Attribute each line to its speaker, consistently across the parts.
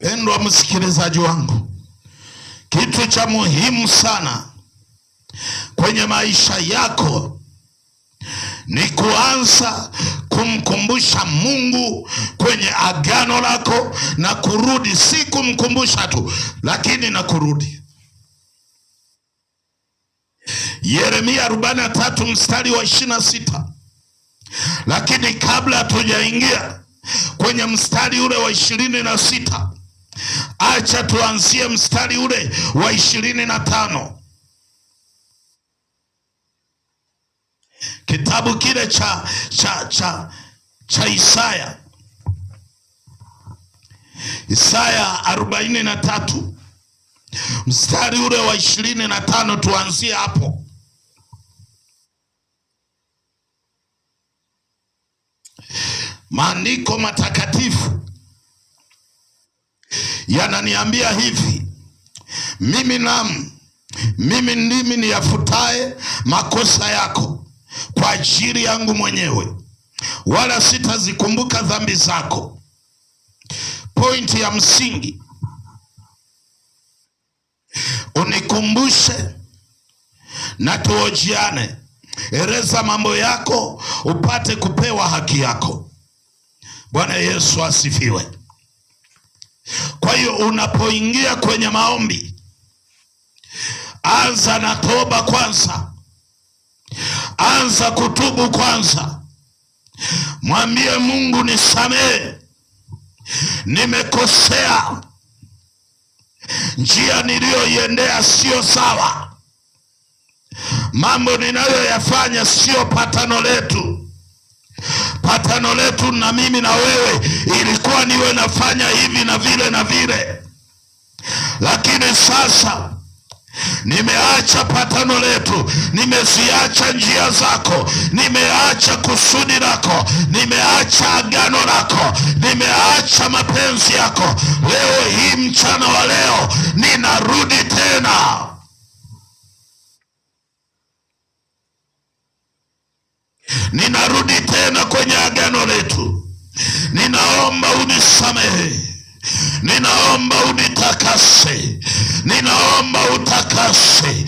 Speaker 1: Pendwa msikilizaji wangu, kitu cha muhimu sana kwenye maisha yako ni kuanza kumkumbusha Mungu kwenye agano lako na kurudi, si kumkumbusha tu, lakini na kurudi. Yeremia 43 mstari wa 26. Lakini kabla hatujaingia kwenye mstari ule wa ishirini na sita Acha tuanzie mstari ule wa ishirini na tano kitabu kile cha, cha, cha, cha Isaya Isaya arobaini na tatu mstari ule wa ishirini na tano tuanzie hapo. Maandiko matakatifu yananiambia hivi, mimi nam mimi ndimi niyafutaye makosa yako kwa ajili yangu mwenyewe, wala sitazikumbuka dhambi zako. Pointi ya msingi, unikumbushe na tuojiane. Eleza mambo yako upate kupewa haki yako. Bwana Yesu asifiwe. Kwa hiyo unapoingia kwenye maombi, anza na toba kwanza, anza kutubu kwanza, mwambie Mungu, nisamehe, nimekosea, njia niliyoiendea siyo sawa, mambo ninayoyafanya siyo patano letu Patano letu na mimi na wewe ilikuwa niwe nafanya hivi na vile na vile, lakini sasa nimeacha patano letu, nimeziacha njia zako, nimeacha kusudi lako, nimeacha agano lako, nimeacha mapenzi yako. Leo hii mchana wa leo ninarudi tena ninarudi yetu. Ninaomba unisamehe, ninaomba unitakase, ninaomba utakase.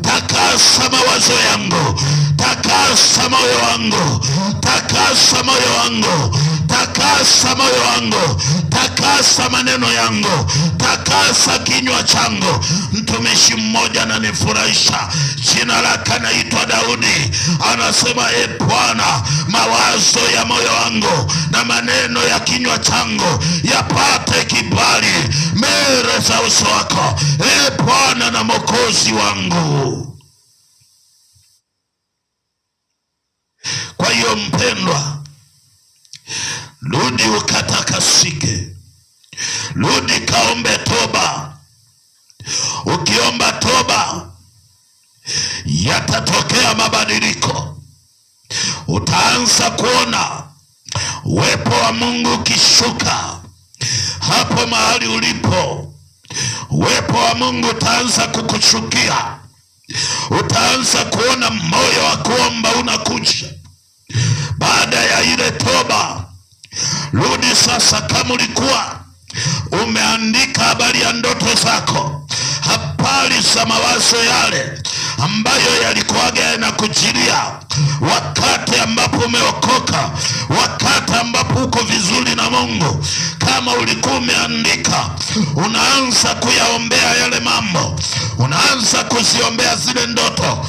Speaker 1: Takasa mawazo yangu, takasa moyo wangu, takasa moyo wangu Takasa moyo wangu, takasa maneno yangu, takasa kinywa changu. Mtumishi mmoja ananifurahisha, jina lake anaitwa Daudi, anasema e Bwana, mawazo ya moyo wangu na maneno ya kinywa changu yapate kibali mbele za uso wako, e Bwana na Mwokozi wangu. Kwa hiyo mpendwa rudi ukatakasike, rudi kaombe toba. Ukiomba toba yatatokea mabadiliko, utaanza kuona uwepo wa Mungu ukishuka hapo mahali ulipo. Uwepo wa Mungu utaanza kukushukia, utaanza kuona moyo wa kuomba unakuja baada ya ile toba. Rudi sasa, kama ulikuwa umeandika habari ya ndoto zako, habari za mawazo yale ambayo yalikuwaga yanakujilia wakati ambapo umeokoka, wakati ambapo uko vizuri na Mungu kama ulikuwa umeandika, unaanza kuyaombea yale mambo, unaanza kuziombea zile ndoto,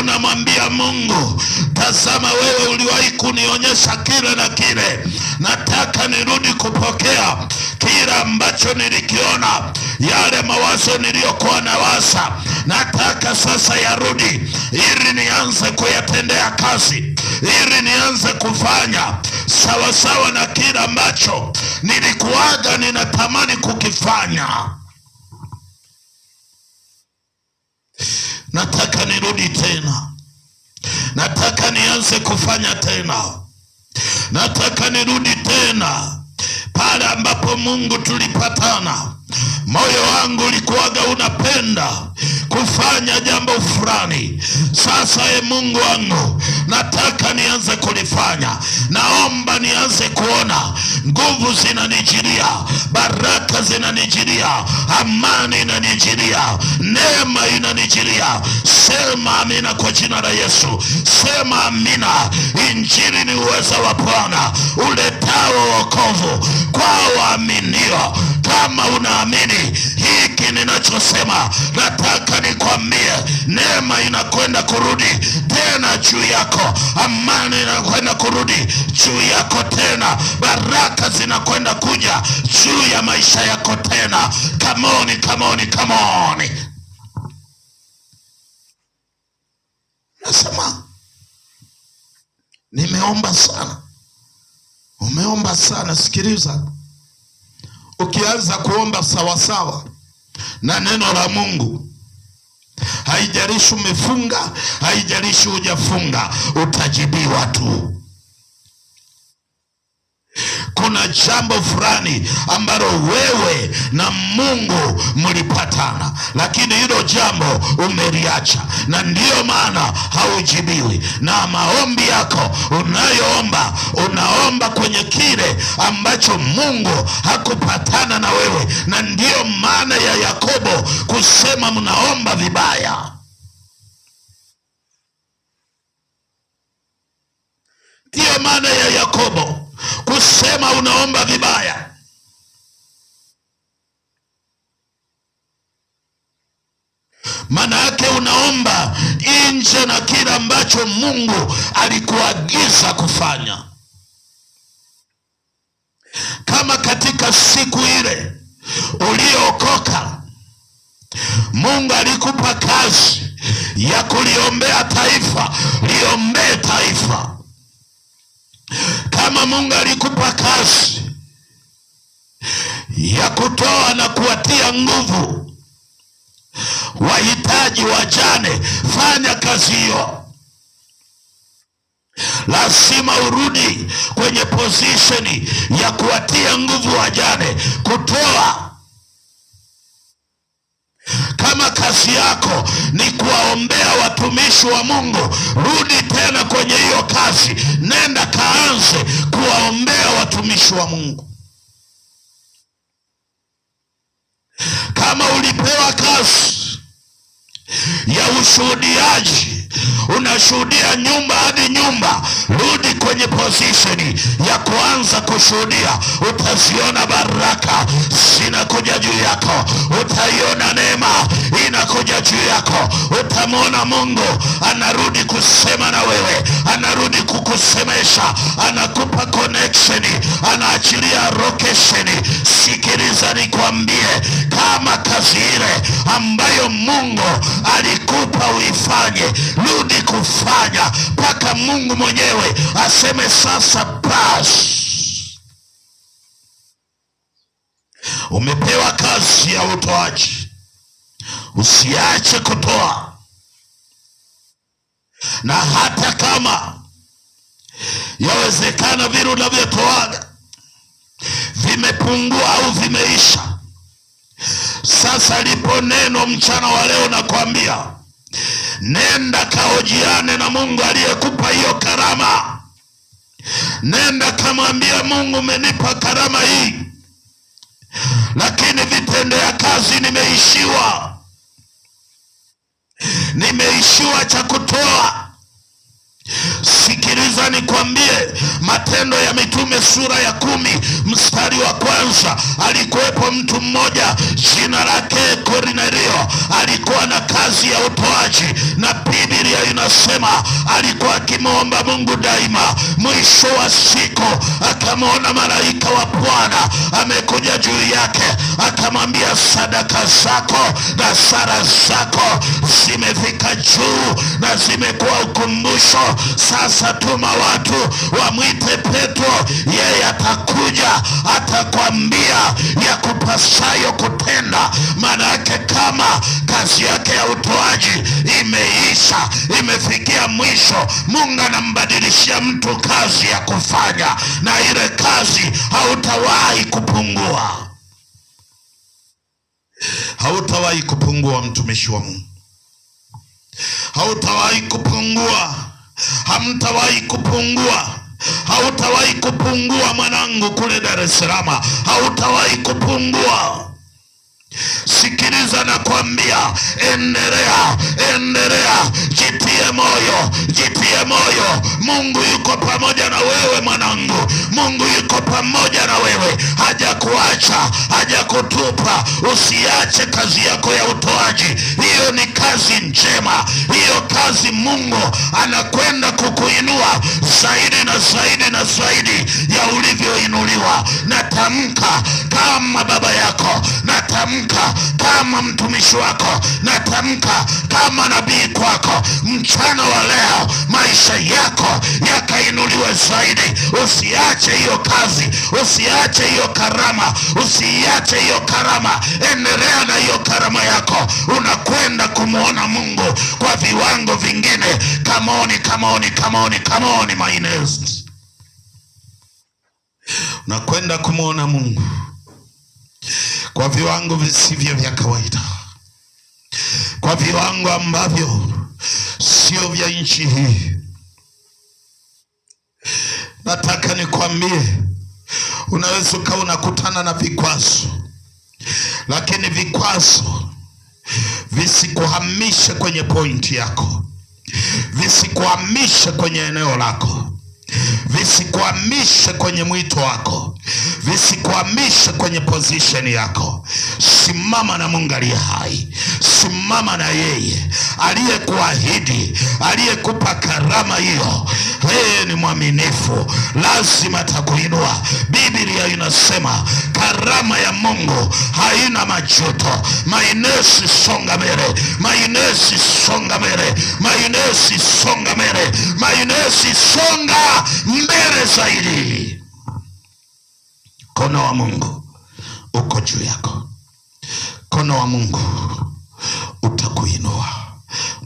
Speaker 1: unamwambia Mungu, tazama, wewe uliwahi kunionyesha kile na kile, nataka nirudi kupokea kila ambacho nilikiona, yale mawazo niliyokuwa na wasa, nataka sasa yarudi, ili nianze kuyatendea kazi, ili nianze kufanya sawasawa na kila ambacho nilikuwaga ninatamani kukifanya. Nataka nirudi tena, nataka nianze kufanya tena, nataka nirudi tena pale ambapo Mungu tulipatana, moyo wangu ulikuwaga unapenda kufanya jambo fulani. Sasa e Mungu wangu, nataka nianze kulifanya. Naomba nianze kuona nguvu zinanijilia, baraka zinanijilia, amani inanijilia, Sema inanijiria. Sema amina kwa jina la Yesu. Sema amina. Injili ni uweza wa Bwana uletao wokovu kwa waaminio. Kama unaamini hiki ninachosema, nataka nikwambie, neema inakwenda kurudi tena juu yako, amani inakwenda kurudi juu yako tena, baraka zinakwenda kuja juu ya maisha yako tena. Kamoni, kamoni, kamoni. Nasema nimeomba sana, umeomba sana. Sikiliza, ukianza kuomba sawasawa na neno la Mungu, haijarishi umefunga, haijarishi hujafunga, utajibiwa tu kuna jambo fulani ambalo wewe na Mungu mlipatana, lakini hilo jambo umeliacha, na ndiyo maana haujibiwi. Na maombi yako unayoomba, unaomba kwenye kile ambacho Mungu hakupatana na wewe, na ndiyo maana ya Yakobo kusema mnaomba vibaya. Ndiyo maana ya Yakobo kusema unaomba vibaya. Maana yake unaomba nje na kile ambacho Mungu alikuagiza kufanya. Kama katika siku ile uliookoka Mungu alikupa kazi ya kuliombea taifa, liombee taifa kama Mungu alikupa kazi ya kutoa na kuwatia nguvu wahitaji, wajane, fanya kazi hiyo. Lazima urudi kwenye pozisheni ya kuwatia nguvu wajane, kutoa. Kama kazi yako ni kuwaombea watumishi wa Mungu, rudi tena kwenye hiyo kazi, nenda mtumishi wa Mungu. Kama ulipewa kazi ya ushuhudiaji, unashuhudia nyumba hadi nyumba, rudi kwenye posisheni ya kuanza kushuhudia. Utaziona baraka zinakuja juu yako, utaiona neema inakuja juu yako utamwona Mungu anarudi kusema na wewe, anarudi kukusemesha, anakupa connection, anaachilia location. Sikiliza nikwambie, kama kazi ile ambayo Mungu alikupa uifanye, rudi kufanya mpaka Mungu mwenyewe aseme sasa basi. Umepewa kazi ya utoaji, usiache kutoa na hata kama yawezekana vile unavyotoaga vimepungua au vimeisha, sasa lipo neno mchana wa leo nakwambia, nenda kahojiane na Mungu aliyekupa hiyo karama. Nenda kamwambia Mungu, umenipa karama hii, lakini vitendea kazi nimeishiwa nimeishiwa cha kutoa. Sikiliza nikwambie, Matendo ya Mitume sura ya kumi mstari wa kwanza alikuwa kwa mtu mmoja jina lake Kornelio, alikuwa na kazi ya utoaji, na Biblia inasema alikuwa akimwomba Mungu daima. Mwisho wa siku akamwona malaika wa Bwana amekuja juu yake, akamwambia, sadaka zako na sala zako zimefika juu na zimekuwa ukumbusho. Sasa tuma watu wamwite Petro, yeye atakuja atakwambia ya upasayo kutenda. Maana yake kama kazi yake ya utoaji imeisha, imefikia mwisho, Mungu anambadilishia mtu kazi ya kufanya, na ile kazi hautawahi kupungua, hautawahi kupungua, mtumishi wa Mungu, hautawahi kupungua, hamtawahi kupungua Hautawahi kupungua mwanangu, kule Dar es Salaam hautawahi kupungua. Sikiliza na kuambia, endelea, endelea, jitie moyo, jitie moyo. Mungu yuko pamoja na wewe mwanangu, Mungu yuko pamoja na wewe, hajakuacha, hajakutupa. Usiache kazi yako ya utoaji, hiyo ni kazi njema, hiyo kazi Mungu anakwenda kukuinua zaidi na zaidi na zaidi ya ulivyoinuliwa. Natamka kama baba yako, natamka Natamka kama mtumishi wako, natamka kama nabii kwako, mchana wa leo maisha yako yakainuliwe zaidi. Usiache hiyo kazi, usiache hiyo karama, usiache hiyo karama, endelea na hiyo karama yako, unakwenda kumwona Mungu kwa viwango vingine. Kamoni, kamoni, kamoni, my nest. unakwenda kumwona Mungu kwa viwango visivyo vya kawaida, kwa viwango ambavyo sio vya nchi hii. Nataka nikwambie, unaweza ukawa unakutana na vikwazo, lakini vikwazo visikuhamishe kwenye pointi yako, visikuhamishe kwenye eneo lako, visikuhamishe kwenye mwito wako visikwamishe kwenye pozisheni yako. Simama na Mungu aliye hai, simama na yeye aliyekuahidi, aliyekupa karama hiyo. Yeye ni mwaminifu, lazima atakuinua. Biblia inasema karama ya Mungu haina majuto. Mainesi songa mbele, mainesi songa mbele, mainesi songa mbele, mainesi songa mbele zaidi. Mkono wa Mungu uko juu yako, mkono wa Mungu utakuinua.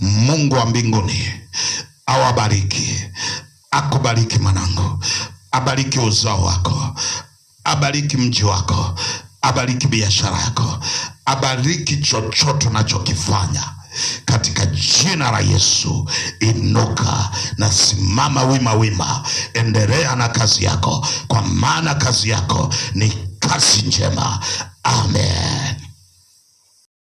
Speaker 1: Mungu wa mbinguni awabariki, akubariki mwanangu, abariki uzao wako, abariki mji wako, abariki biashara yako, abariki chochote unachokifanya katika jina la Yesu, inuka na simama wima wima, endelea na kazi yako, kwa maana kazi yako ni kazi njema. Amen.